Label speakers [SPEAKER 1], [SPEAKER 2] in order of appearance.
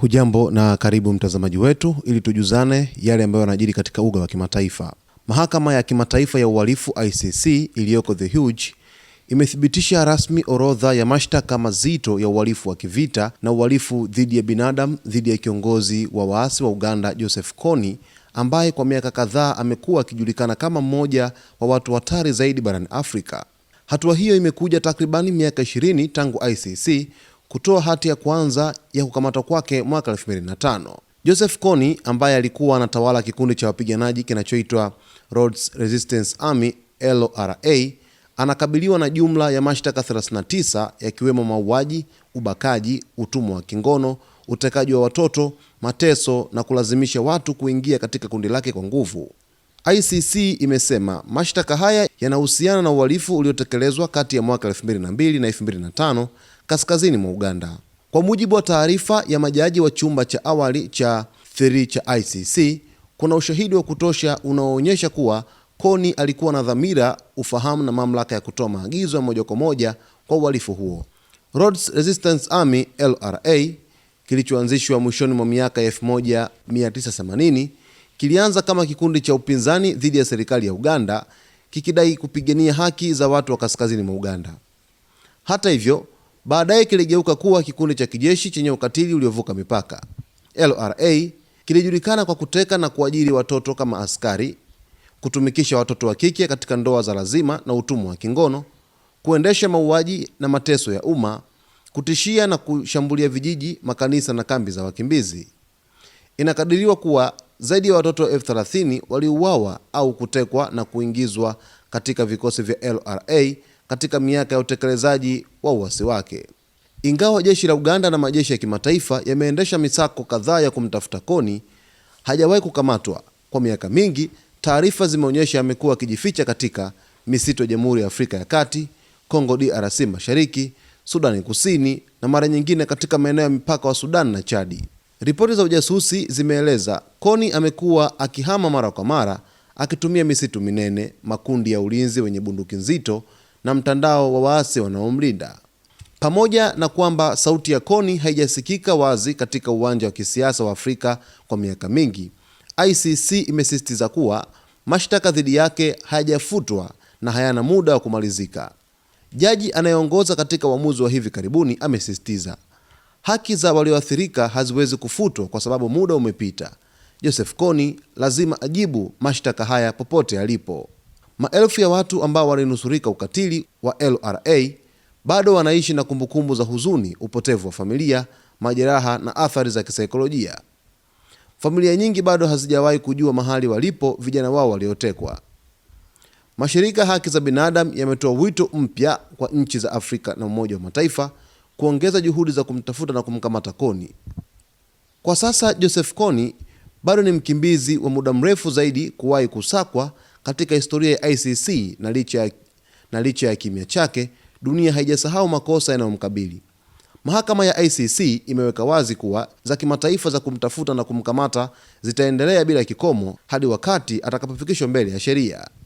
[SPEAKER 1] Hujambo na karibu mtazamaji wetu ili tujuzane yale ambayo yanajiri katika uga wa kimataifa. Mahakama ya Kimataifa ya Uhalifu ICC iliyoko The Hague imethibitisha rasmi orodha ya mashtaka mazito ya uhalifu wa kivita na uhalifu dhidi ya binadamu dhidi ya kiongozi wa waasi wa Uganda Joseph Kony ambaye kwa miaka kadhaa amekuwa akijulikana kama mmoja wa watu hatari zaidi barani Afrika. Hatua hiyo imekuja takribani miaka 20 tangu ICC kutoa hati ya kwanza ya kukamatwa kwake mwaka 2005. Joseph Kony ambaye alikuwa anatawala kikundi cha wapiganaji kinachoitwa Rhodes Resistance Army LRA anakabiliwa na jumla ya mashtaka 39 yakiwemo mauaji, ubakaji, utumwa wa kingono, utekaji wa watoto, mateso na kulazimisha watu kuingia katika kundi lake kwa nguvu. ICC imesema mashtaka haya yanahusiana na uhalifu uliotekelezwa kati ya mwaka 2002 na 2005 kaskazini mwa Uganda. Kwa mujibu wa taarifa ya majaji wa chumba cha awali cha 3 cha ICC, kuna ushahidi wa kutosha unaoonyesha kuwa Koni alikuwa na dhamira, ufahamu na mamlaka ya kutoa maagizo ya moja kwa moja kwa uhalifu huo. Rhodes Resistance Army LRA kilichoanzishwa mwishoni mwa miaka 1980 kilianza kama kikundi cha upinzani dhidi ya serikali ya Uganda kikidai kupigania haki za watu wa kaskazini mwa Uganda. Hata hivyo Baadaye kiligeuka kuwa kikundi cha kijeshi chenye ukatili uliovuka mipaka. LRA kilijulikana kwa kuteka na kuajiri watoto kama askari, kutumikisha watoto wa kike katika ndoa za lazima na utumwa wa kingono, kuendesha mauaji na mateso ya umma, kutishia na kushambulia vijiji, makanisa na kambi za wakimbizi. Inakadiriwa kuwa zaidi ya watoto elfu thelathini waliuawa au kutekwa na kuingizwa katika vikosi vya LRA katika miaka ya utekelezaji wa uasi wake. Ingawa jeshi la Uganda na majeshi ya kimataifa yameendesha misako kadhaa ya kumtafuta Kony, hajawahi kukamatwa. Kwa miaka mingi, taarifa zimeonyesha amekuwa akijificha katika misitu ya Jamhuri ya Afrika ya Kati, Kongo DRC Mashariki, Sudani Kusini na mara nyingine katika maeneo ya mipaka wa Sudan na Chadi. Ripoti za ujasusi zimeeleza Kony amekuwa akihama mara kwa mara akitumia misitu minene, makundi ya ulinzi wenye bunduki nzito na mtandao wa waasi wanaomlinda. Pamoja na kwamba sauti ya Kony haijasikika wazi katika uwanja wa kisiasa wa Afrika kwa miaka mingi, ICC imesisitiza kuwa mashtaka dhidi yake hayajafutwa na hayana muda wa kumalizika. Jaji anayeongoza katika uamuzi wa hivi karibuni amesisitiza haki za walioathirika haziwezi kufutwa kwa sababu muda umepita. Joseph Kony lazima ajibu mashtaka haya popote alipo. Maelfu ya watu ambao walinusurika ukatili wa LRA bado wanaishi na kumbukumbu za huzuni, upotevu wa familia, majeraha na athari za kisaikolojia. Familia nyingi bado hazijawahi kujua mahali walipo vijana wao waliotekwa. Mashirika haki za binadamu yametoa wito mpya kwa nchi za Afrika na Umoja wa Mataifa kuongeza juhudi za kumtafuta na kumkamata Koni. Kwa sasa Joseph Kony bado ni mkimbizi wa muda mrefu zaidi kuwahi kusakwa katika historia ya ICC na licha ya, na licha ya kimya chake dunia haijasahau makosa yanayomkabili. Mahakama ya ICC imeweka wazi kuwa za kimataifa za kumtafuta na kumkamata zitaendelea bila kikomo hadi wakati atakapofikishwa mbele ya sheria.